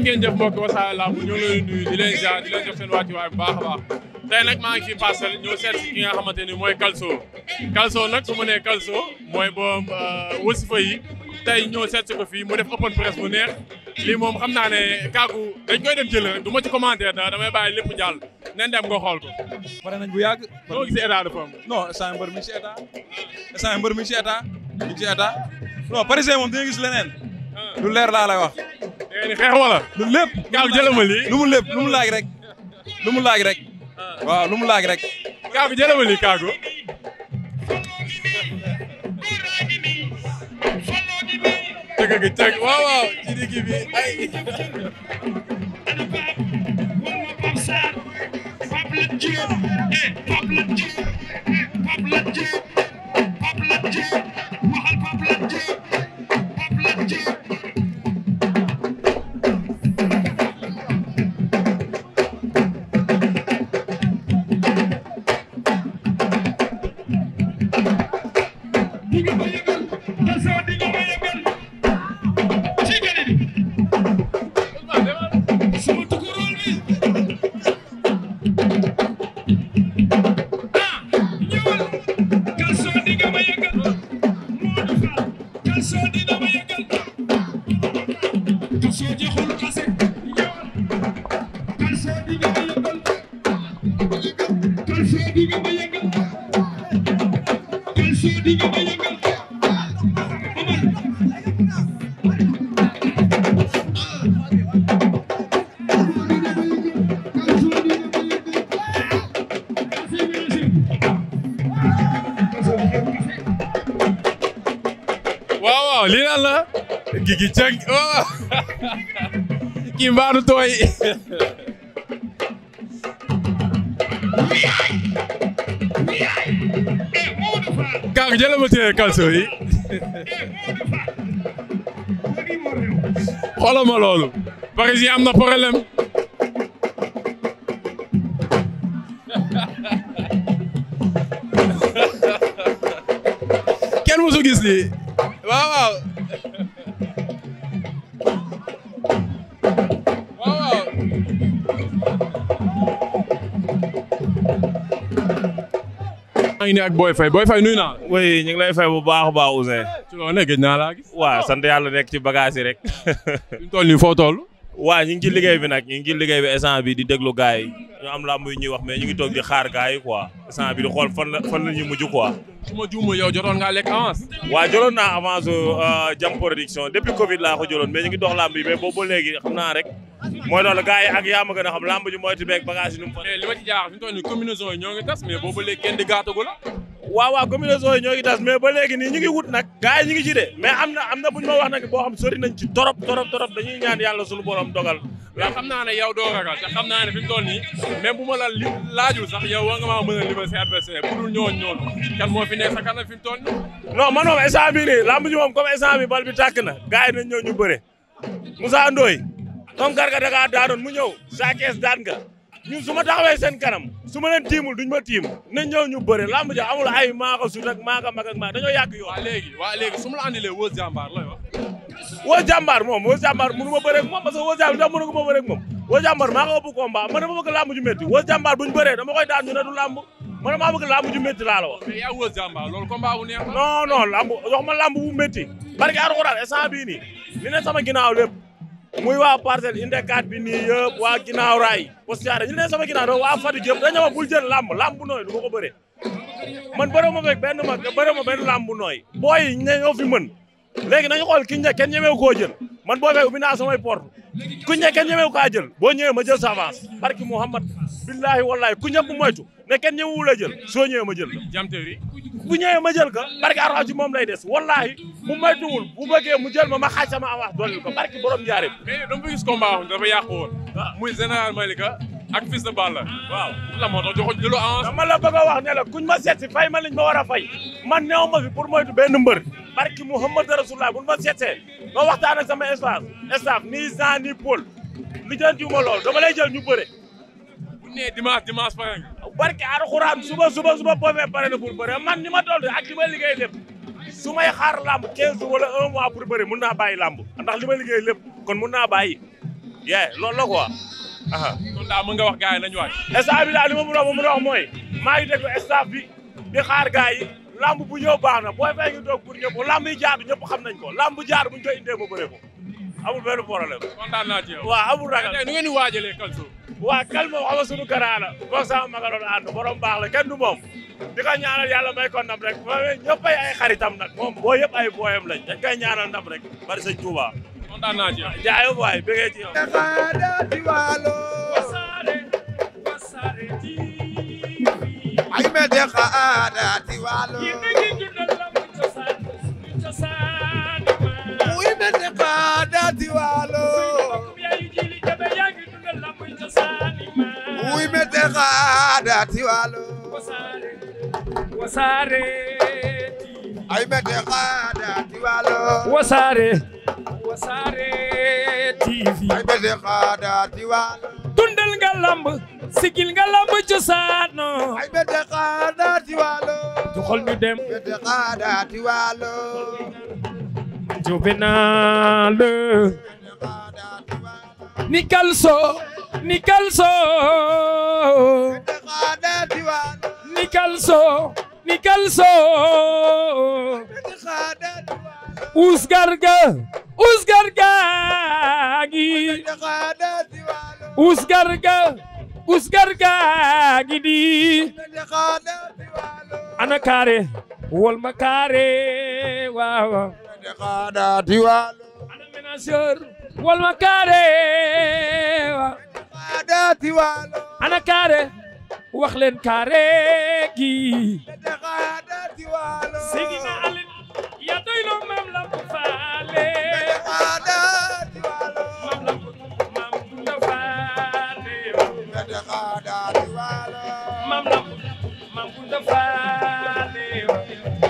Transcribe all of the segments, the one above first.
jërë ngeen jëf mbokk Wassare Lamb ñu ngi leen nuyu di leen jaar di a baax tey Kalso Kalso nag ma nee Kalso mooy boom euh, wasifa yi tey ñoo seet si mu def open press bu neex lii moom xam naa ne kàggu dañ koy dem jël rek du ma ci commentaire da damay bàyyi lépp jàll nen dem nga xool ko. pare nañ bu yàgg. doo gis état de forme. non instant mbër mi ci état instant mbër mi ci état mi ci état non gis leneen. Ah. lu leer laa lay kay ni xeex wala. lu mu lépp laaj rek. lu mu laaj rek. waaw lu mu laaj rek. kaagu jëlee ma lii kaagu. waaw waaw ci digg lii lan la gigi ceng oh kii mbaadu tooy kaang jëlal ma téye kalso yi xoolal ma loolu. parisien am na problème. kenn mësu gis lii waaw waaw. ngi nii ak Boy Faye Boy Faye nuyu naa la. oui fay bu baax a baax Ousseyn. ci loolu nag gëj naa nekk ci bagage yi rek. fi mu toll nii foo toll. waaw ñu ngi ci liggéey bi nag ñu ngi ci liggéey bi instant bi di déglu gars yi ñu am làmb yu ñuy wax mais ñu ngi toog di xaar gars yi quoi instant bi di xool fan la fan la ñuy mujj quoi. su ma juuma yow jotoon ngaa lekk avance. waaw joloon naa avance euh, jam production depuis Covid laa ko joloon mais ñu ngi dox lamb yi mais boobu ba léegi xam naa rek mooy loolu gars yi ak yaa a lamb ji moytu beeg bagage yi nu mu. mais eh, li ma ci jaaxal fi mu ñoo ngi tas mais boobu ba léegi kenn di la. waaw waaw combinaison yi ñoo ngi tas mais ba léegi nii ñu ngi wut nag gars yi ngi ci de mais am na am na buñ ma wax nag boo xam sori nañ ci torop torop torop dañuy ñaan yàlla suñu borom dogal mais xam naa ne yow doo ragal te xam naa ne fi mu toll nii même la li laajul sax yow war nga maa mën a limal si adversaire bu dul ñooñu ñooñu kan moo fi nekk sa kanam fi mu toll nii non man moom instant bi nii lamb ji moom comme instant na gars yi nañ ñëw ñu bëre Moussa Ndoye comme Garga da ngaa daanoon mu ñëw Sa Thiès daan nga ñun su ma taxawee seen kanam su ma leen tiimul duñ ma tiim na ñëw ñu bëre lamb ja amul ay maa ko sut ak maa ko mag ak maa dañoo yàgg yoon. waaw léegi waaw léegi ma moom Weuz Diambar mënu ma bëre ak moom parce que Weuz Diambar mënu ma bëre moom Weuz Diambar maa ko ëpp combat man dama bëgg lamb ju métti Weuz Diambar buñ bëree dama koy daan ñu du lamb man maa bëgg lamb ju métti laa la wax. mais yaa Weuz Diambar bu neex ma lamb bu métti. barke Alxuraan instant bii nii li ne sama ginnaaw muy waa parcelle inde kaat bi nii yëpp waa ginnaaw raay postiare ñu ne sama ginnaaw doon waa Fatick yëpp dañu ma bul jël làmb làmb nooy du ko bëre man bëre ma fekk benn ma bëre ma benn làmb nooy booy yi ne ñoo fi mën léegi nañu xool ki ñe kenn ñemeewu koo jël man boo fekk ubbi naa samay porte ku ñe kenn ñemeewu kaa jël boo ñëwee ma jël sa avance barki Mouhamad billahi wallahi ku ñëpp moytu ne kenn ñëwul la jël soo ñëwee ma jël la. jamteer yi ma jël ko barki arroo moom lay des wallaahi mu maytuwul bu bëggee mu jël ma ma xaaj sama avance dolli ko barki borom njaareem. mais dama ko gis combat dafa yàqu woon. muy général Malika ak fils Balla. waaw la moo tax a wax ne kuñ ma seet fay ma liñ ma war a fay man néew ma fi pour moytu benn mbër. barki Muhammad Rasulullah buñ ma seetsee nga waxtaan sama staff staff nii Jean ni Paul lijjantiwuma lool dama lay ñu bëre. bu ñu barke alxuraan suba suba suba boobee pare na pour bëre man ni ma toll ak li ma liggéey lépp su xaar làmb 15 jours wala un mois pour bëre mun naa bàyyi lamb ndax li ma liggéey lépp kon mun naa bàyyi yee loolu la quoi. kon daal mën nga wax gars yi nañu waaj. staff bi daal li ma mën a wax ma mën a wax mooy ngi déglu di xaar gars yi làmb bu ñëw baax na booy fay ngi toog pour ñëpp làmb yi ñëpp xam nañ ko làmb jaar bu ñu koy indee amul benn problème. kontaan naa ci yow waaw ragal. nu ngeen di waa Kal moom xam sunu garaa la. boog sama maga baax la kenn du moom. di ko ñaanal yàlla may ko ndam rek bu ma ñëpp ay ay xaritam nag moom boo yëpp ay booyam lañ dañ koy ñaanal ndam rek bari sëñ Touba. kontaan naa ci yow jaayoo waay bëggee ci yow. ay me de xaada ti waalo. muy mel ne daati waalo muy mel ne daati waalo wasaare ay mel ne daati waalo wasaare wasaare TV ay mel ne daati waalo dundal nga lamb sigil nga lamb cosaano ay mel ne daati waalo joxol ñu dem mel ne daati waalo juvenal ni kalso ni kalso ni kalso ni kalso di ana kaare wol ma kaare waaw اعتقادات والو انا من اسر والمكاره اعتقادات والو انا كاره wax leen kaare gi اعتقادات والو سيدنا علي يا دويلو مام لا فالي اعتقادات والو مام لا فالي اعتقادات والو مام لا مام لا فالي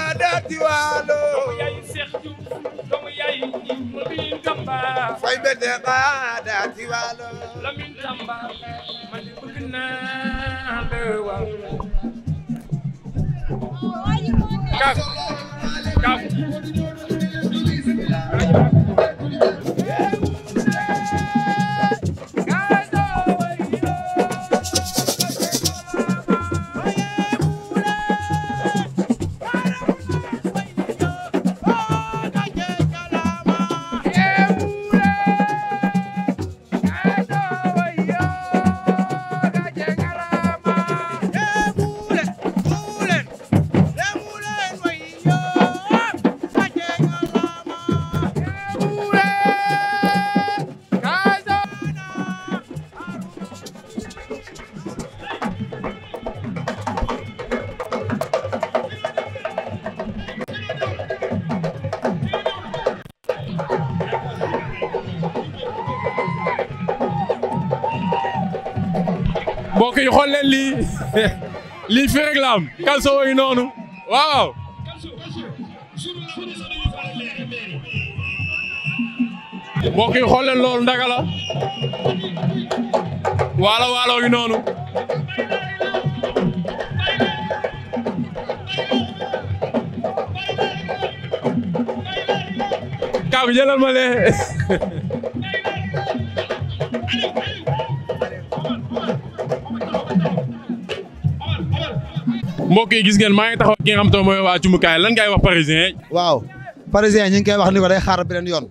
saadati waalo fay bete saadati waalo lamin tamba man di bëgg naa la waaw kaaf kaaf lii fi rek la am kalso yi noonu waaw mbokk yi xool loolu ndaga la waalo waalo yi noonu kaw jëlal ma lee mbokk yi gis ngeen maa ngi taxaw ki nga xam te ne mooy waa Cumukaay lan wax parisien. waaw parisien ñu ngi koy wax ni ko a xaar beneen yoon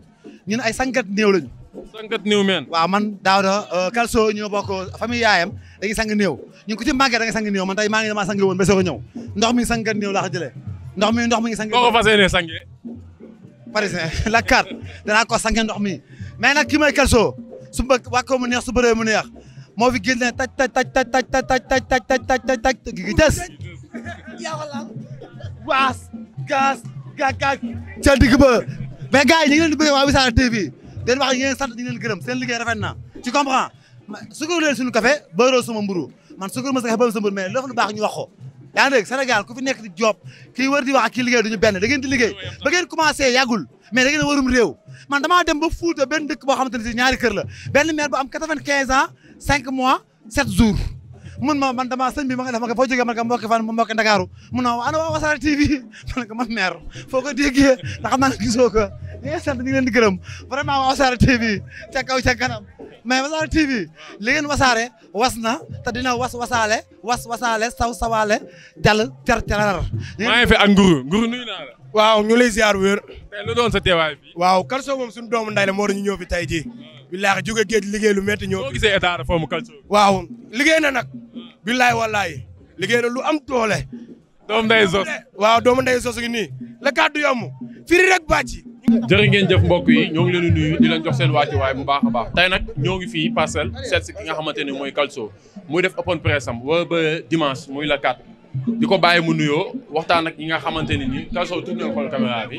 ñun ay sankat néew lañu. sangat néew meen. waaw man daaw da Kalso ñoo bokk famille yaayam dañuy sang néew ñun ku ci màggee da nga sang néew man tey maa ngi damaa sang woon ba soog a ñëw ndox mi sangat néew laa ko jëlee ndox mi ndox mi ngi sang. boo ko fas yéenee sangee. parisien la carte danaa ko sangee ndox mi mais nag ki may Kalso su ma wàkkoo mu neex su bëree mu neex moo fi génne taj taj taj taj taj taj taj taj taj taj taj waas gaas gaag gaag ca digg ba mais gars yi ñu ngi leen di bëgg waa Wassare TV den wax ñu ngi leen sant ñu ngi gërëm seen liggéey rafet na ci comprends sukkur leen suñu café bëyroo sama mburu man sukkur ma sa café bëyroo sama mburu mais loolu lu baax ñu wax ko yaa ngi dégg Sénégal ku nekk di job kii wër di wax ak kii liggéey duñu benn da ngeen di liggéey ba ngeen commencé yàggul mais da ngeen warum réew man damaa dem ba Fuuta boo xamante ne si ñaari kër la benn maire bu am quatre-vingt-quinze ans cinq mois sept jours mun ma man ma nga ma nga foo jógee man ka mbokki fan mun na ana waa Wassare TV man ko man meer foo ko déggee ndax ko ñu ngi sant ñu ngi leen di gërëm vraiment waa Wassare TV ca kaw ca kanam mais TV li ngeen wasaare was na te dina was wasaale was wasaale saw sawaale jàll ter teraar. maa ngi fi ak nguru nguru nuyu naa waaw ñu lay ziar wér. tey doon sa teewaay bi. waaw Kalso moom suñu doomu nday la moo ñu ñëw fi tey jii. Hmm. billaahi jóge géej liggéey lu métti ñëw. soo gisee état de waaw liggéey na nag. billaay wallaay liggéey na lu am toole doomu ndey Zos waaw doomu ndey Zos ngi nii la kàddu yomb firi rek bàcc. jërë ngeen jëf mbokk yi ñoo ngi leen di nuyu di leen jox seen wàccuwaay bu baax a baax tey nag ñoo ngi fii parcelle seet ki nga xamante ne mooy Calcio muy def open press sam wala ba dimanche muy la kat di ko bàyyi mu nuyoo waxtaan ak ñi nga xamante ne nii Calcio tourné xool caméra bi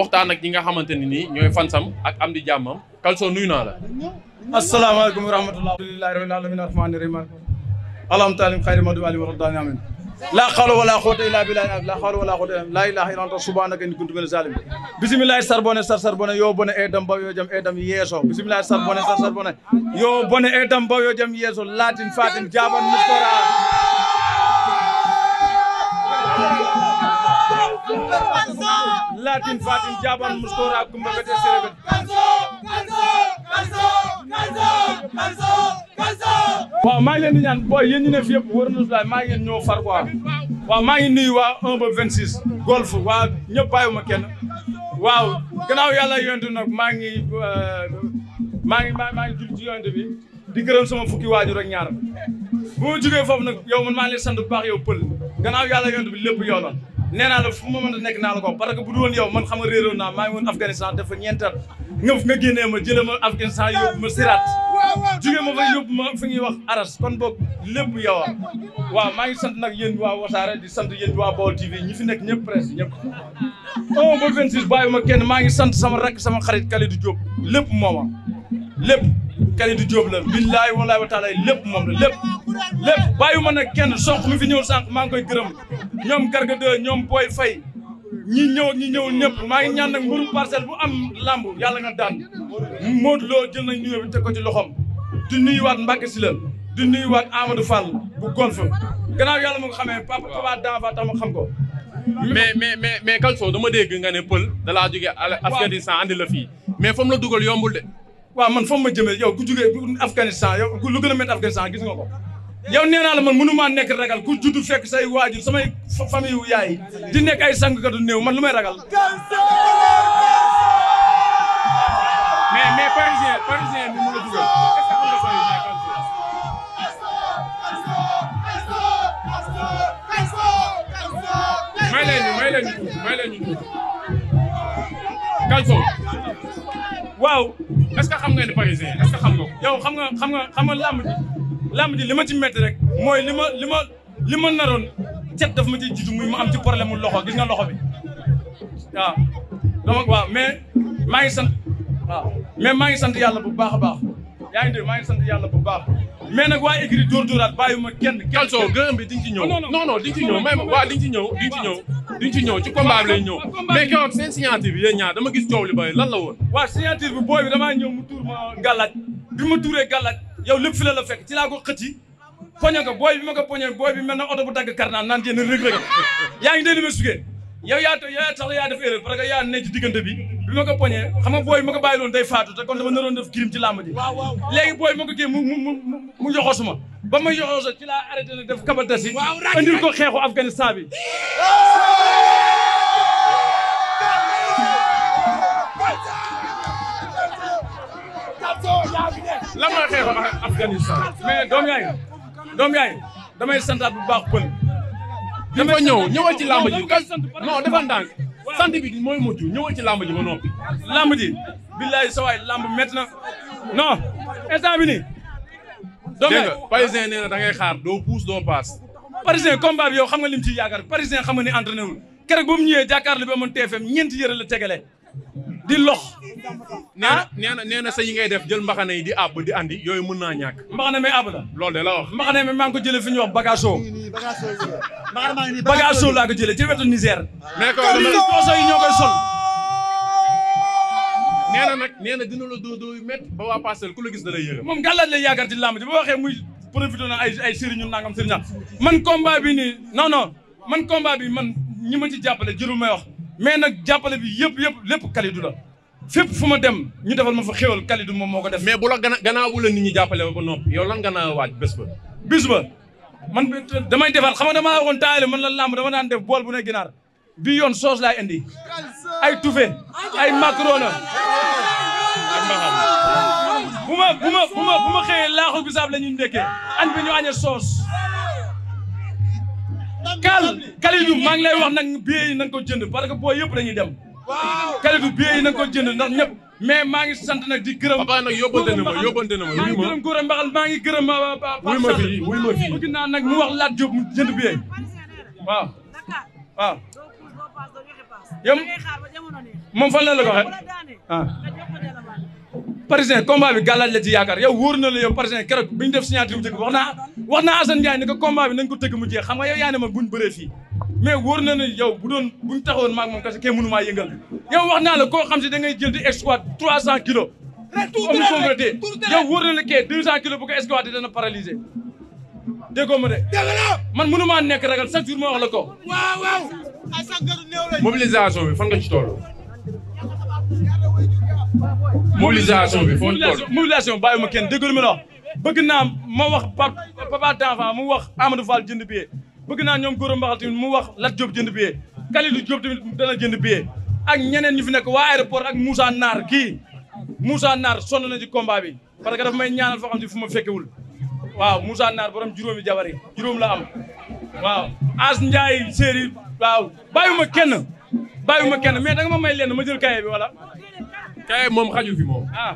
waxtaan ak ñi nga xamante ne nii ñooy fansam ak am di jàmmam Calcio nuyu naa la. asalaamaaleykum wa rahmatulah. alhamdulilah rabbil alamin arrahmaani اللهم تعلم خير ما دعا لي ورداني امين لا حول ولا قوه الا بالله لا حول ولا قوه لا اله الا انت سبحانك اني كنت من الظالمين بسم الله سر بونه سر سر بونه يو بونه ادم با يو جام ادم يسو بسم الله سر بونه سر سر بونه يو بونه ادم با يو جام يسو لاتين فاتين جابان مستورا latin fatin jaban mustora kumba bete serebet waaw maa ngi leen di ñaan booy yéen ñu ne fi yëpp wër na su ngi leen ñoo far quoi waaw maa ngi nuyu waa 1 ba waaw gannaaw yàlla yonent nag euh, maa ngi maa ngi maa ngi jul ci yonent bi di gërëm sama fukki waajur ak ñaar bu foofu nag yow man maa sant bu baax yow pël gannaaw yàlla yonent bi lépp yoonal nee naa la fu ma mën a nekk naa la ko parce que bu du woon yow man xam nga réeroon naa maa ngi woon Afghanistan dafa nga nga génnee ma jëlee ma Afghanistan yóbbu ma Sirat jugee ma fa yóbbu ma fi ñuy wax aras kon boog lép yow waaw maa ngi sant nag yéen waa Wassare di sant yéen waa Baol TV ñi fi nekk ñëpp presque ñëpp on ba 26 bàyyi ma kenn maa ngi sant sama rakk sama xarit di Diop lépp mooma lépp Kalidou Diop la billaay walaay wa taala lépp moom la lépp lépp bàyyiwuma nag kenn soq mi fi ñëw sànq maa ngi koy gërëm ñoom Garga 2 ñoom Boy fay ñi ñëw ñi ñëw ñëpp maa ngi ñaan nag mburu parcelle bu am làmb yàlla nga daan Modou Lo jël nañ nuyoo bi teg ko yi loxoom di nuyuwaat Mbacke Sylla di nuyuwaat Amadou Fall bu golf gannaaw yàlla mu nga xamee papa papa daan fa tax ma xam ko mais mais mais mais Kalso dama nga ne pël dalaa jógee askan di san andi la fii mais fam la dugal yombul de waaw man foofu ma jëmee yow ku jugee Afghanistan yow lu gën a métti Afghanistan gis nga ko yow la man mënu maa nekk ragal ku juddu fekk say waajur samay famille yu yaay di nekk ay sàngkatu néew man lu may ragal. mais mais Kalso. may leen ñu may leen ñu tuuti may ñu Kalso waaw. est-ce que xam nga ni parisien est-ce xam nga yow xam nga xam nga xam nga làmb ji làmb ma ci métti rek mooy li ma li ma li ma naroon cet daf ma ciy jiitu muy ma am ci problème mu loxo gis nga loxo bi waaw dama waaw mais maa ngi sant waaw mais maa yàlla bu baax a baax yaa ngi dégg maa ngi sant yàlla bu baax mais nag waa écrit dóor dóoraat bàyyi ma kenn Calcio gërëm bi di nga ci ñëw non di nga ci ñëw may ma waaw di nga ci di nga ci duñ ci ñëw ci combat bi lay ñëw mais keroog seen signature bi yéen ñaar dama gis coow li bëri lan woon waaw signature bi booy bi damaa ñëw mu tuur ma gàllaaj bi ma tuuree gàllaaj yow lépp fi la la fekk ci laa ko xëcc poñe ko booy bi ma poñe booy bi mel na oto bu dagg karnaan naan jéen rëg rëg yaa ngi dee li ma sugee yow yaa tax yaa yaa def erreur parce que yaa ne diggante bi bi ma ko poñee xam booy bi ma ko bàyyiloon day faatu te kon dama naroon def kirim ci làmb ji léegi booy bi ma ko kii mu mu mu ma ba ma yoxosu ci laa arrêté na def kabaltasi andil ko xeexu Afghanistan bi lan mooy xeexu Afghanistan mais doom yaay doom yaay damay santaat bu baax pël. di nga ñëw ñëwal ci làmb ji kay non dafa ndànk sant bi mooy mujj ñëwal ci làmb ji ba noppi. làmb ji billaay sa lamb làmb métti na bi nii. doom yaay dégg nga na da ngay xaar doo puus doo paas. parisien combat bi yow xam nga lim ci yaakaar parisien xam nga ni entraîné wul keroog ba mu ñëwee jàkkaarloo bi amoon TFM ñeenti yëre la tegale di lox nee na na nee na sa yi ngay def jël mbaxane yi di àbb di andi yooyu mën naa ñàkk mbaxane may àbb la loolu de la wax mbaxane mi maa ngi ko jële fi ñuy wax bagaso bagaso laa ko jëlee ci wetu Niger mais ko dooso yi ñoo koy sol nee na nag nee na dina la doo doo yu métti ba waa Parcelles ku la gis da lay moom gàllaaj lay yaakaar ci làmb ji ba waxee muy profité na ay ay sëriñu nangam sëriña man combat bi nii non man combat bi man ñi ma ci jàppale jërul may mais nag jàppale bi yëpp yëpp lépp Kalidou la fépp fu ma dem ñu defal ma fa xéwal Kalidou moom moo ko def. mais bu la gana gannaawu la nit ñi jàppale ba ba noppi yow lan nga naa waaj bés ba. bis ba man damay defal xam nga damaa waxoon taayale man la làmb dama daan def bool bu ne ginaar bi yoon soos laay indi ay tufe ay macarona bu ma bu ma bu ma bu ma xëyee laaxu bisaab la ñuy ndekkee añ bi ñu añee soos. kaal Kalidou maa ngi lay wax nag billet yi nañ ko jënd parce que boo yëpp dañuy dem. waaw Kalidou billet yi nañ ko jënd ndax ñëpp. mais maa ngi sant nag di gërëm. papa nag yóbbante na ma yóbbante na ma. maa ngi gërëm Gora Mbaxal maa ngi gërëm ah, ah, Pape Sarr. wuy ma fii wuy ma fii bëgg naa nag mu wax Lat Diop mu jënd billet. waaw waaw. yow moom fan la la ko waxee ah. parisien combat bi gàllaaj la ci yaakaar yow wóor na la yow parisien keroog def signature bu njëkk wax naa wax naa Assane Ndiaye ne ko combat bi nañ tëgg mu jeex xam nga yow yaa ma buñ bëree fii mais wóor na bu doon buñ taxawoon maag moom kese kenn mënu maa yëngal yow wax naa la koo xam si da ngay jël di exploit trois cent kilos comme complété yow wóor na la kee deux cent kilos bu ko exploité dana paralysé ma de man mënu maa nekk ragal chaque jour ma wax la ko waaw waaw bi fan nga ci toll mobilisation bi foofu mobilisation bi bàyyi ma kenn déglu ma la wax bëgg naa ma wax Papa Tanfan mu wax Amadou Fall jënd billet bëgg naa ñoom Gora Mbaxal tamit mu wax Lat Diop jënd billet Kalidou Diop tamit dana jënd billet ak ñeneen ñu fi nekk waa aéroport ak Moussa Naar kii Moussa Naar sonn na ci combat bi parce que dafa may ñaanal foo xam ne fu ma fekkewul waaw Moussa Naar borom juróomi jabar yi juróom la am waaw As Ndiaye séeri waaw ma kenn bàyyiwuma kenn mais danga ma may lenn ma jël kaye bi kaay moom xaju fi moom. ah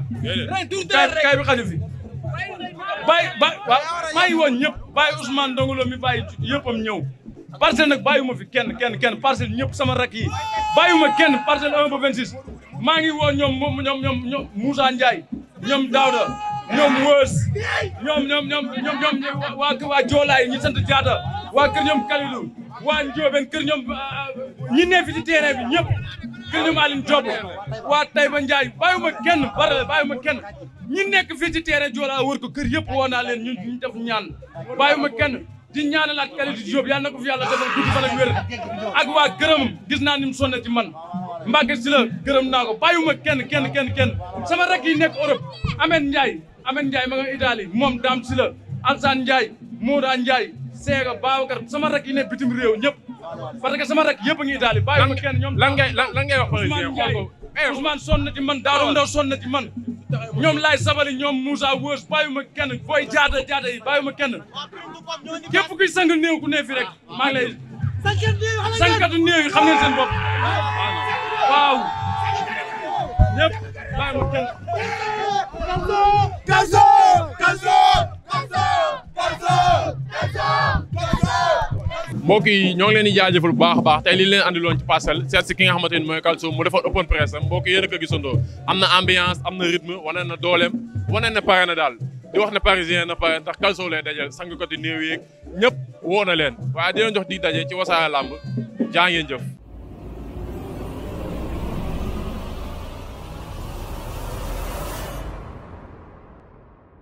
kaay bi xaju fi. bàyyi ba bàyyi woon ñëpp bàyyi Ousmane Ndongo Lo mi bàyyi yëppam ñëw. parcelle nag bàyyiwuma fi kenn kenn kenn parcelle ñëpp sama rak yi bàyyiwuma kenn parcelle 1 ba maa ngi woo ñoom moom ñoom ñoom ñoom Moussa Ndiaye ñoom Daouda ñoom Wës ñoom ñoom ñoom ñoom ñoom waa Joolaay ñi sant Diatta waa kër ñoom Kalidou waa Ndiobène kër ñoom ah, ah, ñi ne fi ci terrain gëjëm Aline Diop waa Taïba Ndiaye bàyyiwuma kenn barale bàyyiwuma kenn ñi nekk fii ci terrain Joola wër ko kër yëpp woo naa leen ñun ñu def ñaan bàyyiwuma kenn di ñaanalaat Kalidou Diop yàlla na ko fi yàlla defal gudd fan ak wér ak waa gërëmam gis naa ni mu sonn ci man Mbacke si la gërëm naa ko bàyyiwuma kenn kenn kenn kenn sama rakk yi nekk Europe Amène Ndiaye Amène Ndiaye ma nga Italie moom Dame si la Alsane Ndiaye Mouda Ndiaye Sega Babacar sama rakk yi nekk bitim réew ñëpp parce que sama rek yëpp a ngi Italie bàyyi ma eh, na ci man Daaru Ndaw sonn man ñoom Laay Sabali ñoom Moussa Wërs bàyyi kenn booy jaata yi bàyyi ma kenn képp kuy sang néew ku ne fi rek maa ngi lay sangkatu yi xam ngeen seen bopp waaw ñëpp bàyyi ma kenn mbokk yi ñoo ngi leen di jaajëfal bu baax baax tey li leen andiloon ci parcelle seet si ki nga xamante ni mooy Kalsoum mu defoon open press am mbokk yéen a ko am na ambiance am na rythme wane na dooleem wane na pare na daal di wax ne parisien na pare ndax Kalsoum lay dajal sang ko ti néew yeeg ñëpp woo na leen waaye di leen jox di daje ci Wassare Lamb jaa ngeen jëf